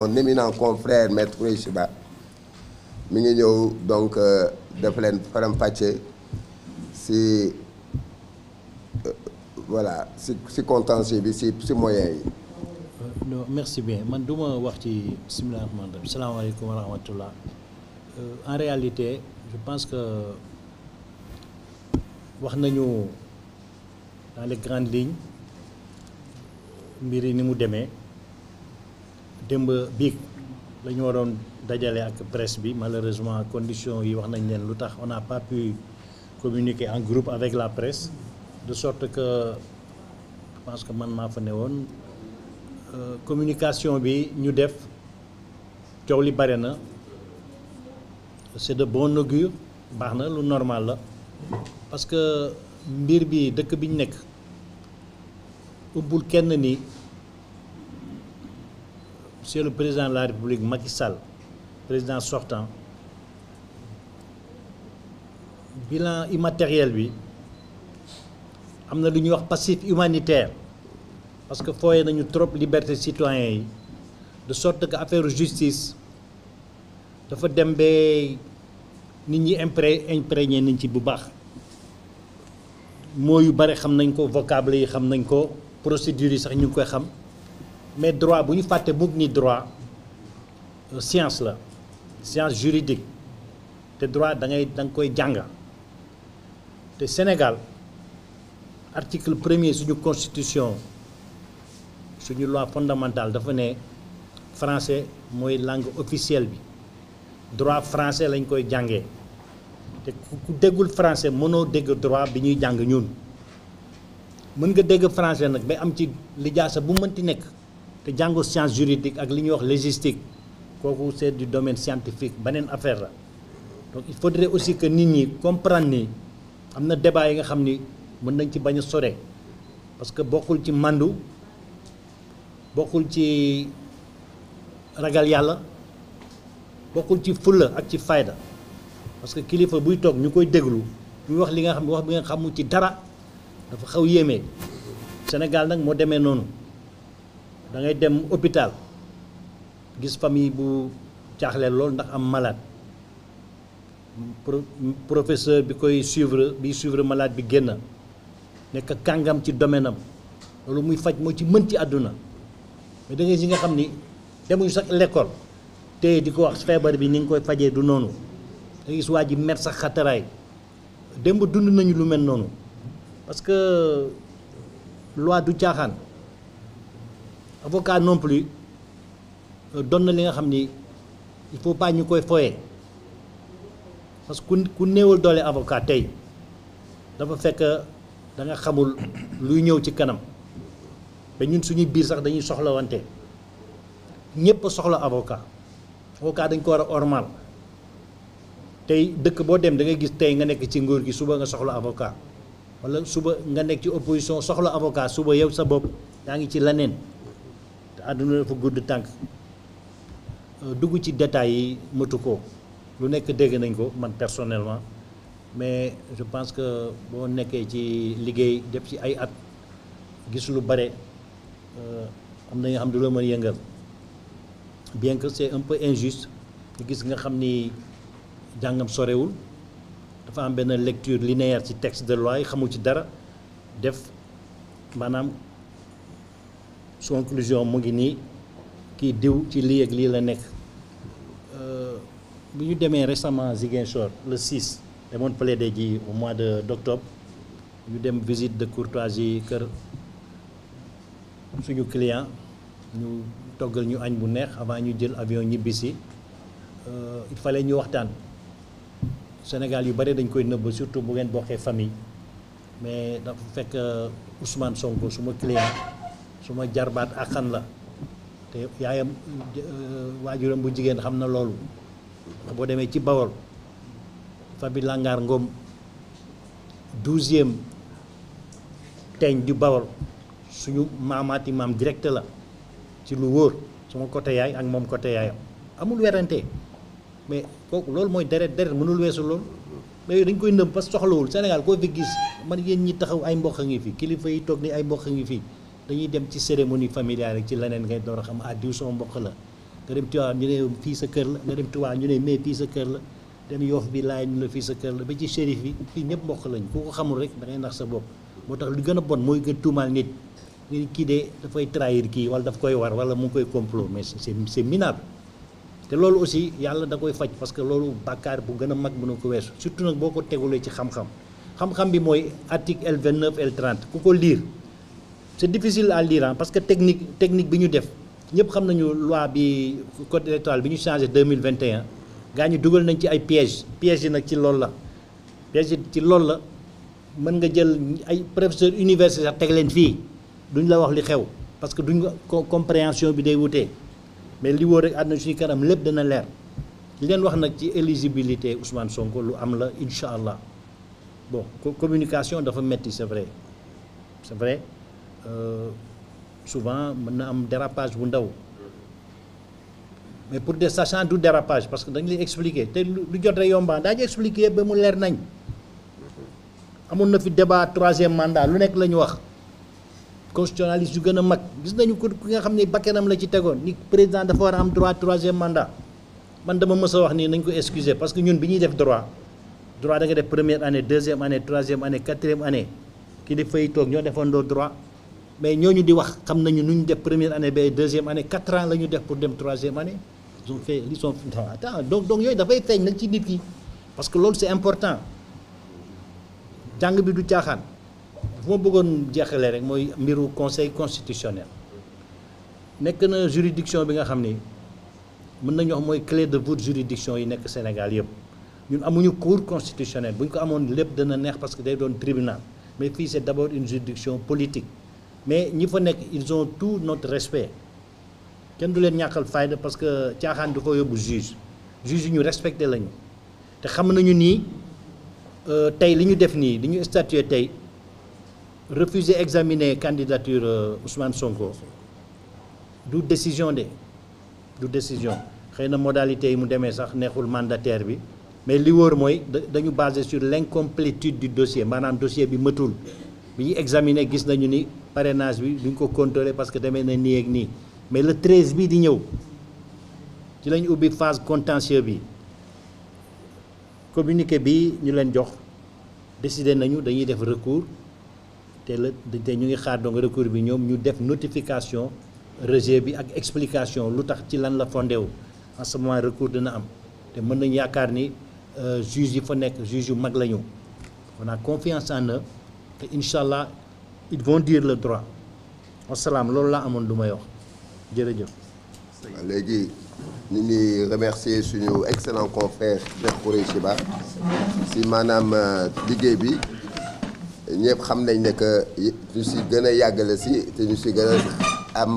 mon éminent confrère maître Khoureychi Ba mi ngi ñëw donc euh, def leen faram-fàcce si euh, voilà si si contentieux bi si si moyen yi. Euh, merci bien man du ma wax ci bismillah rahman rahim salaamaaleykum wa en réalité je pense que wax nañu dans les grandes lignes mbir yi ni mu demee. démb biig la ñu waroon dajale ak presse bi malheureusement conditions yi wax nañ leen lu tax on n'a pas pu communiquer en groupe avec la presse de sorte que je que man maa fa ne woon euh, communication bi ñu def coow li bare na c'est de bon augure baax na lu normal la parce mbir bi dëkk bi ñu nekk ubbul kenn ni monsieur le président de la république Macky Sall président sortant bilan immatériel bi am na lu ñuy wax passif humanitaire parce que fooyee nañu trop liberté citoyen yi de sorte que affaire justice dafa dem ba nit ñi impré imprégné nañ ci bu baax moo yu bare xam nañ ko vocable yi xam nañ ko procédure yi sax ñu koy xam mais droit bu ñu fàttee mukk ni droit euh, science la science juridique te droit da ngay da nga koy jàng te Sénégal article premier suñu constitution suñu loi fondamentale dafa ne français mooy langue officielle bi droit français lañ koy jàngee te ku déggul français mënoo dégg droit bi ñuy jàng ñun mën nga dégg français nag ba am ci lijaasa bu mënti nekk te jàngu science juridique ak li ñuy wax légistique kooku c'est du domaine scientifique beneen affaire la donc il faudrait aussi que nit ñi comprendre ni am na débat yi nga xam ni mën nañ ci bañ a sore parce que bokkul ci màndu bokkul ci ragal yàlla bokkul ci fulla ak ci fayda parce que kilifa buy toog ñu koy déglu ñu wax li nga xam ne wax bi nga xamu ci dara dafa xaw yéeme Sénégal nag moo demee noonu da ngay dem hôpital gis famille bu caaxle lool ndax am malade professeur bi koy suivre bi suivre malaat bi génn nekk kàngam ci domaine am loolu muy faj moo ci mën ci àdduna mais da si nga xam ni demuñu sax l'école te di ko wax feebar bi ni nga koy fajee du noonu da gis waa ji mer sax xataraay démb dund nañu lu mel noonu parce que loi du caaxaan avocat non plus euh, doon na li nga xam ni il faut pas ñu koy foyee parce que ku néewal doole avocat tey dafa fekk da nga xamul luy ñëw ci kanam ba ñun suñuy biir sax dañuy soxlawante ñëpp soxla avocat avocat dañ ko war a ormal tey dëkk boo dem da ngay gis tey nga nekk ci nguur gi suba nga soxla avocat walla suba nga nekk ci opposition soxla avocat suba yow sa bopp yaa ngi ci leneen. àdduna dafa gudd tànk euh, dugg ci détails yi matu ko lu nekk dégg nañ ko man personnellement mais je pense que boo nekkee ci liggéey def ci ay at gis lu bare euh, am na nga xam du la mën yëngal bien que c'est un peu injuste gis nga xam ni jàngam sorewul dafa am benn lecture linéaire ci texte de loi yi xamul ci dara def maanaam su conclusion mu ngi nii kii diw ci lii ak lii la nekk euh, bu ñu demee récemment Ziguinchor le 6 demoon plaider ji au mois de d'octobre ñu dem visite de courtoisie kër suñu client ñu toggal ñu añ bu neex avant ñu jël avion ñibbisi euh, il fallait ñu waxtaan Sénégal yu bari dañ koy nëbb surtout bu ngeen bokkee famille mais dafa fekk euh, Ousmane Sonko suma client. suma jarbaat àqan la te yaayam euh, waajuram bu jigéen xam na loolu boo demee ci Bawol Fabi Langar Ngom douzième teeñ di Bawol suñu maamaati maam direct la ci lu wóor suma côté yaay ak moom côté yaayam amul werante mais kooku loolu mooy deret deret mënul weesu loolu mais dañ koy nëb parce que soxlawul Sénégal koo fi gis man yéen ñi taxaw ay mboq ngi fi kilifa yi toog ni ay mboq ngi fii dañuy dem ci cérémonie familiale rek ci leneen ngay door a xam ah diw sama mbokk la nga dem Tiwaawan ñu ne fii sa kër la nga dem Tiwaawan ñu ne mais fii sa kër la dem Yoof bi laaj ñu la fii sa kër la ba ci shérif yi fii ñëpp mbokk lañ ku ko xamul rek da nax sa bopp moo tax lu gën a bon mooy gën tuumaal nit nga kii de dafay trahir kii wala daf koy war wala mu koy complot mais c'est c'est minable te loolu aussi yàlla da koy faj parce que loolu bàkkaar bu gën a mag mënu ko weesu surtout nag boo ko tegulee ci xam-xam xam-xam bi mooy article L29 L30 ko lire c'est difficile à lire parce que technique technique bi ñu def ñëpp xam nañu loi bi code électoral bi ñu de changé 2021 gaa ñi dugal nañ ci ay pièges pièges yi nag ci loolu la pièges yi ci loolu la mën nga jël ay professeur universitaire teg leen fii duñ la wax li xew parce que duñ compréhension bi day wutee mais li wóor rek àdduna suñu kanam lépp dana leer li leen wax nag ci éligibilité Ousmane Sonko lu am la incha allah bon communication dafa metti c'est vrai Euh, souvent mën na am dérapage bu ndaw mais pour de sachant du dérapage parce que dañu lay expliquer te lu jot rek yombaa daañu expliquer ba mu leer nañ amoon na fi débat troisième mandat lu nekk la ñu wax constitutionnaliste yu gën a mag gis nañu ku ki nga xam ne bakkanam la ci tegoon ni président dafa war a am droit troisième mandat man dama mës a wax nii nañ ko excuser parce que ñun bi ñuy def droit droit da nga def première année deuxième année troisième année quatrième année ki di fay toog ñoo defandoo droit mais ñooñu di wax xam nañu nu ñu def première année ba deuxième année quatre ans la ñu def pour dem troisième année ils ont fait ils sont ah. attends donc donc yooyu dafay feeñ nag ci nit ki parce que loolu c'est important jàng bi du caaxaan fu ma bëggoon jeexalee rek mooy mbiru conseil constitutionnel nekk na juridiction bi nga xam ni mën nañu wax mooy clé de voûte juridiction yi nekk Sénégal yëpp ñun amuñu cour constitutionnelle bu ñu ko amoon lépp dana neex parce que day doon tribunal mais fii c'est d'abord une politique mais ñi fa nekk ils ont tout notre respect kenn du leen ñàkkal fayda parce que caaxaan du ko yóbbu juge juge ñu respecté lañu te xam nañu nii euh, tey li ñu def nii li ñu statué tey refuser examiner candidature euh, Ousmane Sonko du décision de du décision xëy na modalité yi mu demee sax neexul mandataire bi mais li wóor mooy da dañu basé sur l'incomplétude du dossier maanaam dossier bi matul bi ñu examiner gis nañu ni parrainage bi duñ ko contrôler parce que demee na nii ak nii mais le 13 bii di ñëw ci lañ ubbi phase contentieux bi communiqué bi ñu leen jox décidé nañu dañuy def recours te la te ñu ngi xaar donc recours bi ñoom ñu def notification rejet bi ak explication lu tax ci lan la fondé wu en ce moment recours dina am te mën nañu yaakaar ni euh, juge yi fa nekk juge yu mag la ñu on confiance en eux te incha ils vont le droit wasalaam loolu laa amoon lu may wax jërëjëf. léegi ñu ngi remercier suñu excellent confrère Cheikh Khoureyssi Ba si maanaam euh, liggéey bi ñëpp xam nañ ne que ñu si gën a si te ñu si gën am.